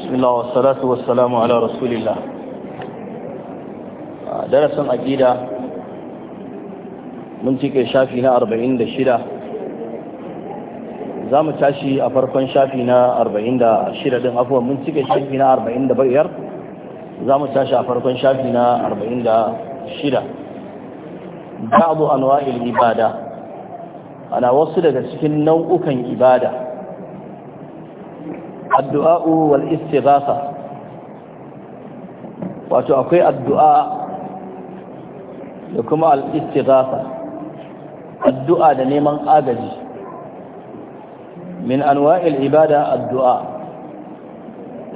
بسم الله والصلاة والسلام على رسول الله درس أجيدا من تلك شافينا أربعين دشرة za mu tashi a farkon shafi na 46 din afuwa mun cike shafi na 45 za mu tashi a farkon shafi na 46 ba'du anwa'il ibada ana wasu daga cikin nau'ukan ibada addu'a wal istighatha wato akwai addu'a da kuma al istighatha addu'a da neman agaji min anwa'il ibada addu'a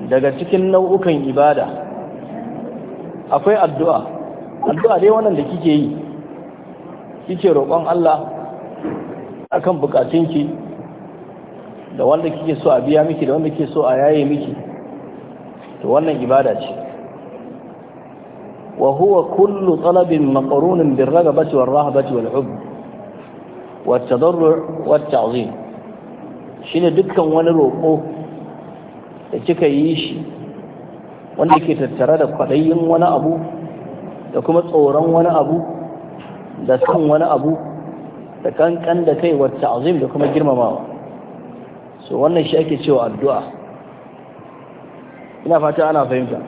daga cikin nau'ukan ibada akwai addu'a addu'a dai wannan da kike yi kike roƙon Allah akan bukatunki da wanda kike so a biya miki da wanda kike so a yaye miki to wannan ibada ce wa huwa kullu talabin maqrunun bir ragabati war rahabati wal hubb wat tadarru' wat ta'zim shine dukkan wani roƙo da kika yi shi wanda ke tattare da kwaɗayin wani abu da kuma tsoron wani abu da san wani abu da kankan da kai wata azim da kuma girmamawa so wannan shi ake cewa addu'a ina fata ana fahimta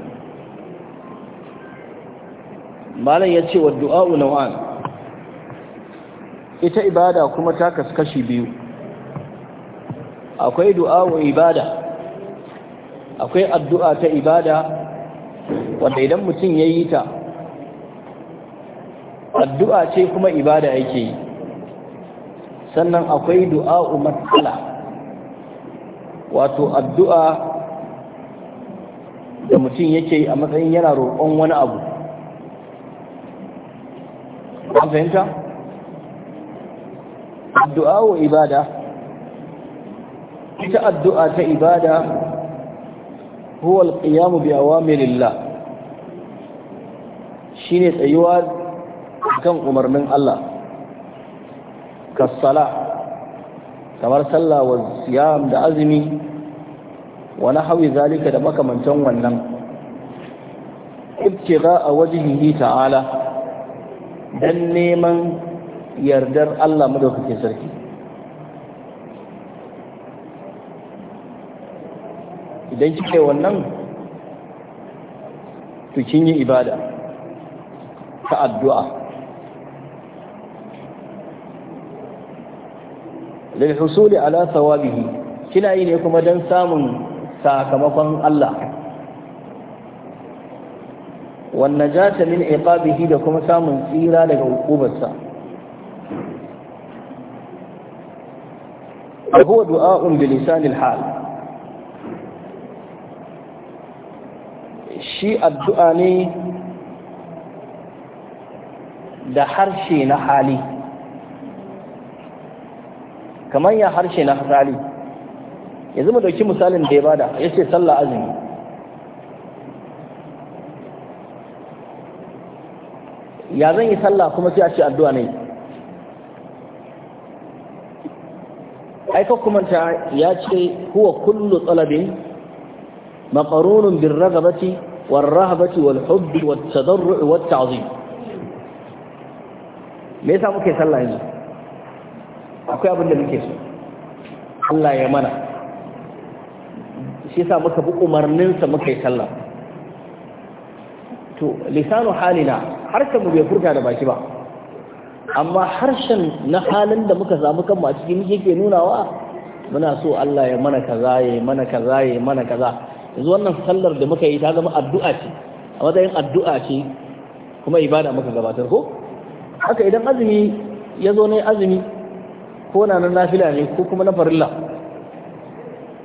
malam ya ce wa du'a'u naw'an ita ibada kuma ta kaskashi biyu akwai du'a'u ibada akwai addu'a ta ibada wanda idan mutum ya yi ta addu'a ce kuma ibada yake yi sannan akwai du'a'u matsala wato addu'a da mutum yake a matsayin yana roƙon wani abu an fahimta? addu'a wa ibada ita addu'a ta ibada huwa alƙiyamu bi awamirillah shine tsayuwa kan umarnin Allah kasala kamar sallah wa siyam da azumi wani hawi zalika da makamantan wannan za a wajihihi ta'ala dan neman yardar Allah madaukakin sarki idan kike wannan to kin yi ibada ta addu'a lil husuli ala thawabihi kina yi ne kuma dan samun sakamakon Allah wannan jata min iqabihi da kuma samun tsira daga hukubarsa huwa du'a'un bi lisanil hal shi addu'a ne da harshe na hali kamar ya harshe na hali yanzu mu dauki misalin da ya bada yace sallah azumi ya zan yi sallah kuma sai a ce addu'a ne aika ta ya ce huwa kullu talabin maqarunun bil ragabati war rahabati wal hubb wat tadarru' wat ta'zim me yasa muke sallah yanzu akwai abin da muke so Allah ya mana shi yasa muka bi umarninsa muka yi sallah to lisanu halina harshen mu bai furta da baki ba amma harshen na halin da muka samu kanmu a cikin yake nunawa muna so Allah ya mana kaza ya mana kaza ya mana kaza yanzu wannan sallar da muka yi ta zama addu'a ce a matsayin addu'a ce kuma ibada muka gabatar ko haka idan azumi ya zo ne azumi ko na nan nafila ne ko kuma na farilla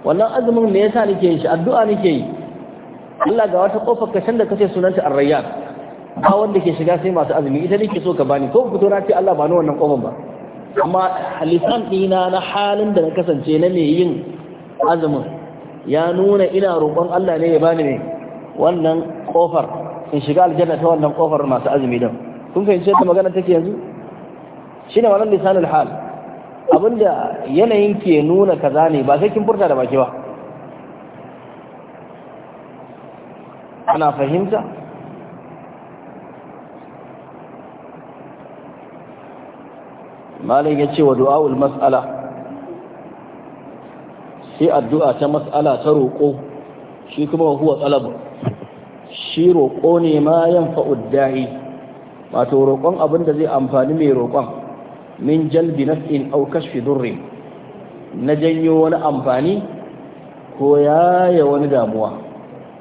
wannan azumin me yasa nake yin shi addu'a nake yi Allah ga wata kofar kashin da kace sunanta ar-rayyan ba wanda ke shiga sai masu azumi ita nake so ka bani ko fito na ce Allah ba ni wannan kofar ba amma lisan dina na halin da na kasance na ne yin azumin ya nuna ina roƙon Allah ne ya bani ne wannan kofar in shiga aljanna ta wannan kofar masu azumi din kun fahimci yadda magana take yanzu shine wannan lisanul hal abinda yanayin ke nuna kaza ne ba sai kin furta da baki ba ana fahimta malin ya ce wa du'a'ul mas'ala sai addu'a ta mas'ala ta roƙo shi kuma huwa talabu shi roƙo ne ma yan fa'udda'i wato roƙon abinda zai amfani mai roƙon min jalbi naf'in aw kashfi durrin na janyo wani amfani ko yaya wani damuwa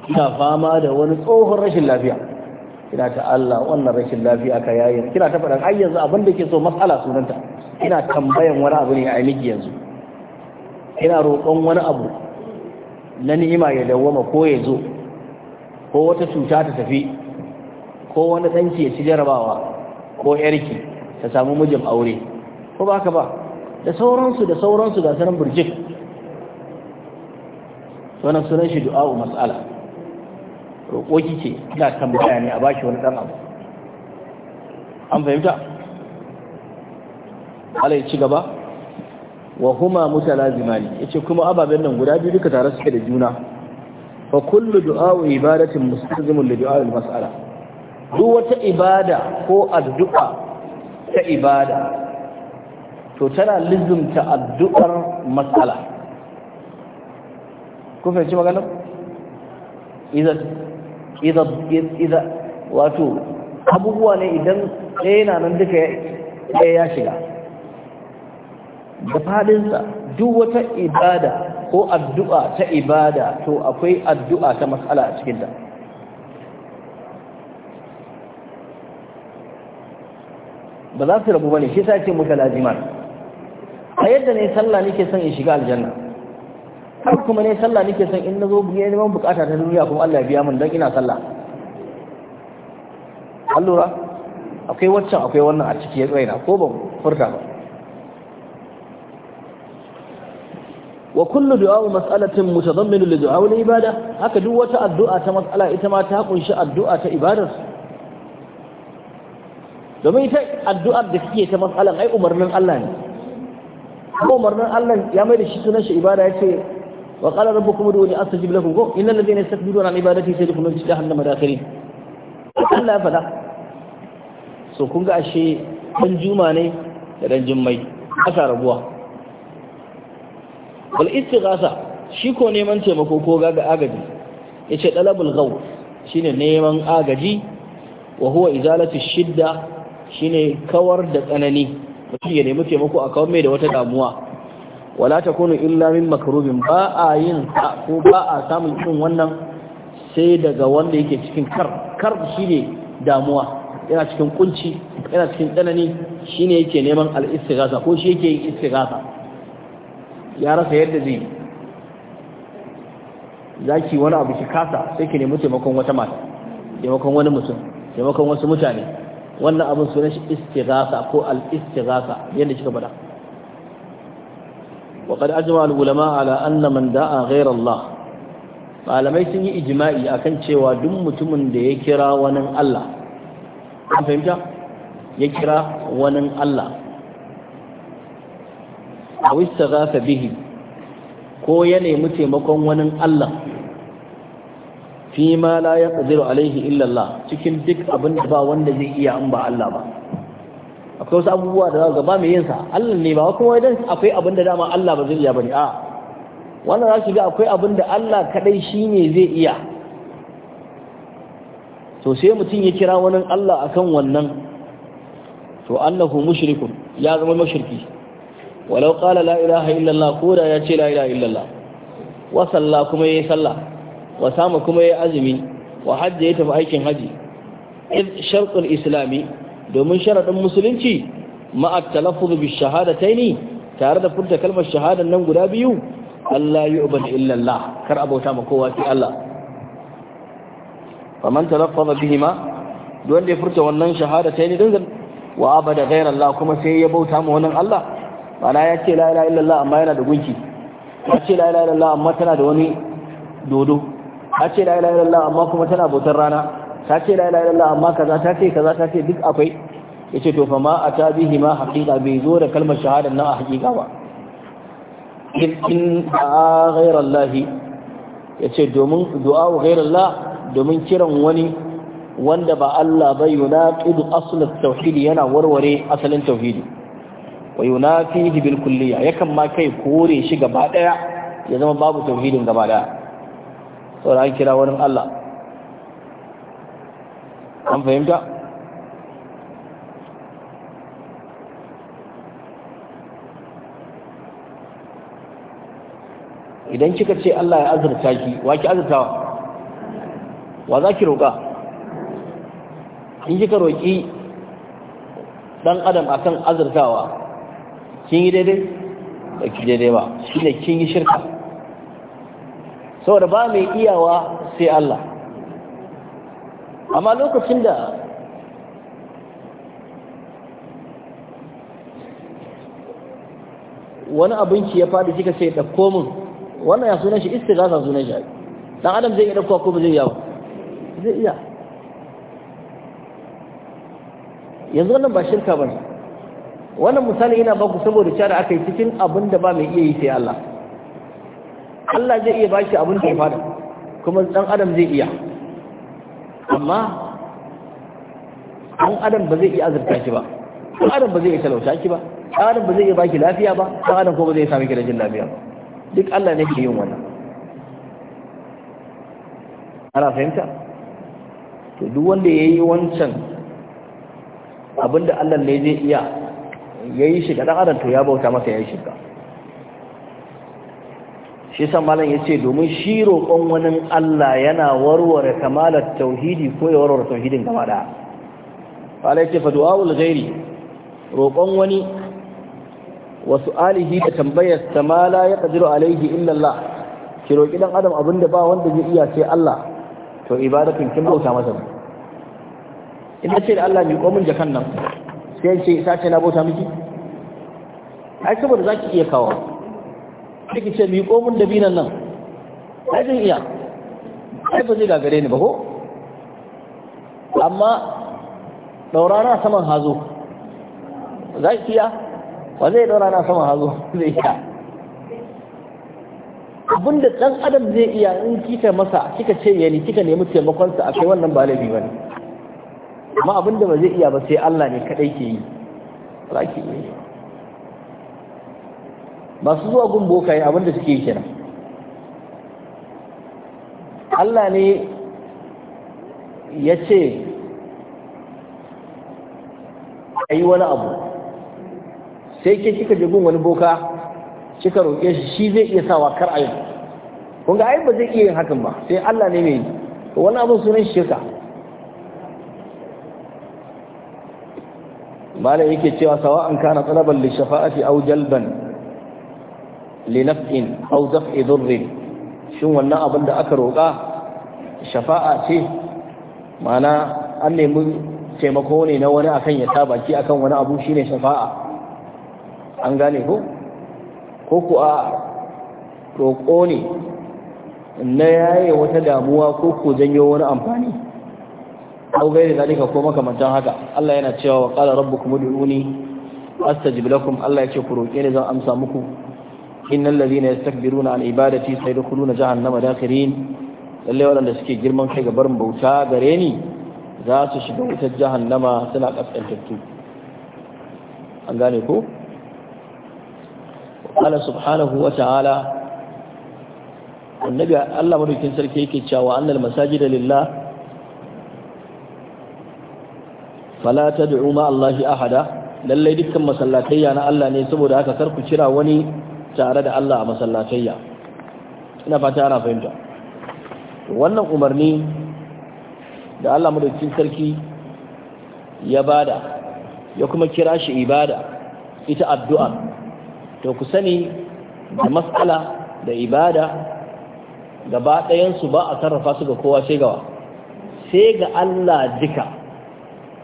ina fama da wani tsohon rashin lafiya ina ta Allah wannan rashin lafiya ka yayin kina ta faɗan ai yanzu abin da ke so matsala sunanta ina tambayan wani abu ne a miki yanzu ina roƙon wani abu na ni'ima ya dawwama ko ya zo ko wata cuta ta tafi ko wani ɗanki ya ci jarabawa ko yarki ta samu mijin aure ko ba ka ba da sauransu da sauransu ga sanan burjik wannan sunan shi du'a'u mas'ala roƙo kike ina tambaya ne a bashi wani dan abu an fahimta Allah ya ci gaba wa huma mutalazimani yace kuma ababen nan guda biyu duka tare suke da juna fa kullu du'a'u ibadatin mustazimun li du'a'il mas'ala duk wata ibada ko addu'a ta ibada to tana lizumta addu'ar matsala ku fahimci maganar idan wato abubuwa ne idan ɗaya na nan duka ɗaya ya shiga da fadinsa duk wata ibada ko addu'a ta ibada to akwai addu'a ta matsala a cikinta ba za su rabu ba ne shi sa ce muka a yadda ne sallah nake son in shiga aljanna har kuma ne sallah nake son in nazo buye neman bukata ta duniya kuma Allah ya biya min dan ina sallah allura akwai wacce akwai wannan a ciki ya tsaina ko ban furta ba wa kullu du'a mas'alatin mutadammin li du'a wal ibada haka duk wata addu'a ta mas'ala ita ma ta kunshi addu'a ta ibada? domin ita addu'ar da kike ta mas'alan ai umarnin Allah ne Kuma umarnin Allah ya mai da shi sunan shi ibada ya ce wa qala rabbukum ud'uni astajib lakum ko innal ladhina yastakbiruna an ibadati sayadkhuluna fi jahannama dakhirin Allah ya faɗa so kun ga ashe dan juma ne da dan jummai aka rabuwa wal istighasa shi ko neman taimako ko ga agaji yace dalabul ghaw shine neman agaji wa huwa izalatu shidda shine kawar da tsanani mutum ya nemi taimako a kawo mai da wata damuwa wala takunu illa min makarubin ba a yin ko ba a samun irin wannan sai daga wanda yake cikin kar kar ne damuwa yana cikin kunci yana cikin tsanani shi ne yake neman al ko shi yake yin istighatha ya rasa yadda zai yi zaki wani abu shi kasa sai ki nemi taimakon wata mata taimakon wani mutum taimakon wasu mutane wannan abin sunan shi istighasa ko al-istighasa yadda kika faɗa wa qad ajma al-ulama ala anna man da'a ghayra Allah malamai sun yi ijma'i akan cewa duk mutumin da ya kira wani Allah an fahimta ya kira wani Allah aw istighasa bihi ko ya nemi taimakon wani Allah fi ma la yaqdiru alaihi illa Allah cikin duk abin da ba wanda zai iya an ba Allah ba akwai wasu abubuwa da za ga ba mai yin sa Allah ne ba kuma idan akwai abin da dama Allah ba zai iya bane a wannan za ki ga akwai abin da Allah kadai shine zai iya to sai mutum ya kira wani Allah akan wannan to annahu mushrikun ya zama mushriki walau qala la ilaha illa Allah ko da ya ce la ilaha illa wa salla kuma yayi sallah wa sama kuma ya azumi wa hajji ya tafi aikin haji id sharqul islami domin sharadin musulunci ma at-talaffuz bi shahadataini tare da furta kalmar shahadan nan guda biyu Allah yu'bad illa Allah kar abauta ma kowa sai Allah faman talaffaza bihima duk wanda ya furta wannan shahadataini din wa abada ghayra Allah kuma sai ya bauta ma wannan Allah Bana ya ce la ilaha illallah amma yana da gunki ya ce la ilaha illallah amma tana da wani dodo ta ce la ilaha illallah amma kuma tana bautar rana ta ce la ilaha illallah amma kaza ta ce kaza ta ce duk akwai yace to fa ma atabihi ma haqiqa bai zo da kalmar shahada nan a haqiqa ba in in a ghayra allah yace domin du'a ghayra allah domin kiran wani wanda ba Allah ba yunaqidu asl at-tauhid yana warware asalin tauhidi wa yunafihi bil kulliyya yakan ma kai kore shi gaba daya ya zama babu tauhidin gaba daya saboda an kira wani Allah an fahimta idan kika ce Allah ya azurta ki wa ki azurtawa wa za ki roƙa in kika roƙi ɗan adam akan azurtawa kin yi daidai ba ki daidai ba shi ne kin yi shirka saboda ba mai iyawa sai Allah amma lokacin da wani abinci ya faɗi kika sai da komin wannan ya sunan shi za su sunan shi dan adam zai iya ɗauko ko ba zai iya zai iya yanzu wannan ba shirka ne, wannan misali ina baku saboda cewa aka yi cikin abin da ba mai iya yi sai Allah Allah zai iya bashi abin da ya fada kuma dan adam zai iya amma dan adam ba zai iya azurta shi ba dan adam ba zai iya talauta shi ba dan adam ba zai iya baki lafiya ba dan adam ko ba zai sami gidan lafiya ba duk Allah ne ke yin wannan ana fahimta to duk wanda yayi wancan abinda Allah ne zai iya yayi shi ga dan adam to ya bauta masa yayi shi ka shi san malam ya ce domin shi roƙon wani Allah yana warware kamalar tauhidi ko ya warware tauhidin gaba da fala ya ce fadu'awul ghairi roƙon wani wasu alihi da tambayar samala ya ƙadiru alaihi illallah ki roƙi dan adam abin da ba wanda zai iya sai Allah to ibadatun kin bauta masa ina ce da Allah mi komin jakan nan sai ce sace na bauta miki ai saboda zaki iya kawo take ce mi komin dabinan nan ai zan iya ai ba zai gagare ni ba ko amma daura na saman hazo za ki iya ba zai daura na saman hazo zai iya abinda dan adam zai iya in kika masa kika ce yani kika nemi taimakon sa kai wannan ba laifi ne. amma abinda ba zai iya ba sai Allah ne kadai ke yi ba ki iya masu zuwa gun bokaye abinda suke yi kenan Allah ne ya ce a yi wani abu sai ke kika je gun wani boka kika roƙe shi shi zai iya sawa kar a yin kun ayin ba zai iya yin hakan ba sai Allah ne mai wani abin sunan shirka malam yake cewa sawa an kana talaban lishafa'ati shafa'ati jalban linaf'in aw daf'i dhurrin shin wannan abin da aka roƙa shafa'a ce mana an nemi taimako ne na wani akan ya sa baki akan wani abu shine shafa'a an gane ko ko a roƙo ne na yaye wata damuwa ko ku janyo wani amfani aw gairi zalika ko makamantan haka Allah yana cewa wa qala rabbukum ud'uni astajib lakum Allah yake ku roƙe ni zan amsa muku إن الذين يستكبرون عن عبادتي سيدخلون جهنم داخرين lalle wanda suke girman kai ga barin bauta gare ni za su shiga wutar jahannama suna ƙasƙantattu an gane ko? Allah subhanahu wa ta'ala annabi Allah madaukin sarki yake cewa annal masajida lillah fala tad'u ma Allahi ahada lalle dukkan masallatai na Allah ne saboda haka kar ku kira wani tare da Allah a masallatayya ina fata ana fahimta wannan umarni da Allah madaukakin sarki ya bada ya kuma kira shi ibada ita addu'a to ku sani da mas'ala da ibada gaba ɗayansu ba a sarrafa su ga kowa sai gawa sai ga Allah duka.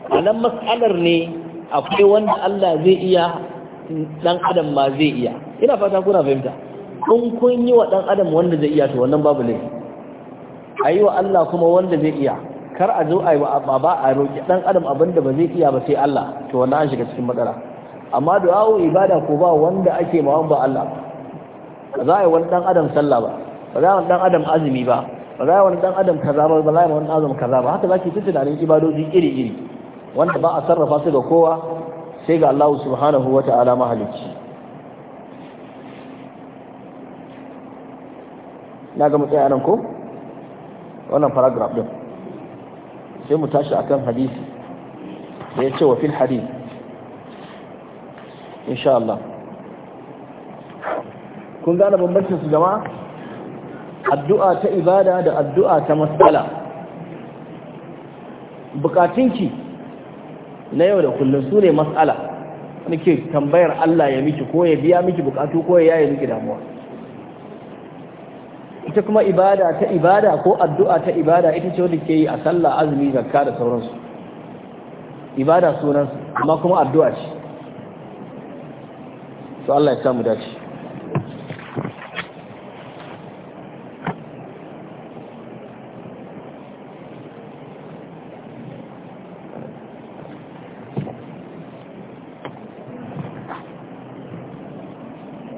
a nan matsalar ne akwai wanda Allah zai iya dan adam ma zai iya ina fata kuna fahimta kun kun yi wa dan adam wanda zai iya to wannan babu laifi ayi wa Allah kuma wanda zai iya kar a zo ayi wa baba a roki dan adam abinda ba zai iya ba sai Allah to wannan an shiga cikin matsala amma du'a'u ibada ko ba wanda ake ma ba Allah ba za a yi wani dan adam sallah ba ba za a wani dan adam azumi ba ba za a wani dan adam kaza ba ba za a wani azumi kaza ba haka zaki ta tunanin ibadoji iri iri wanda ba a sarrafa su ga kowa sai ga Allah subhanahu wa ta'ala mahalicci na ga mutsaya nan ko wannan paragraph ɗin. sai mu tashi akan hadisi da ya ce wa fil hadith insha Allah kun gane bambancin su jama'a addu'a ta ibada da addu'a ta mas'ala bukatunki na yau da kullum su ne matsala wani ke tambayar Allah ya miki ko ya biya miki bukatu ko ya yi miki damuwa ita kuma ibada ta ibada ko addu'a ta ibada ita ce wadda ke yi a sallah azumi zakka da sauransu ibada sunan amma kuma addu'a ce to Allah ya samu dace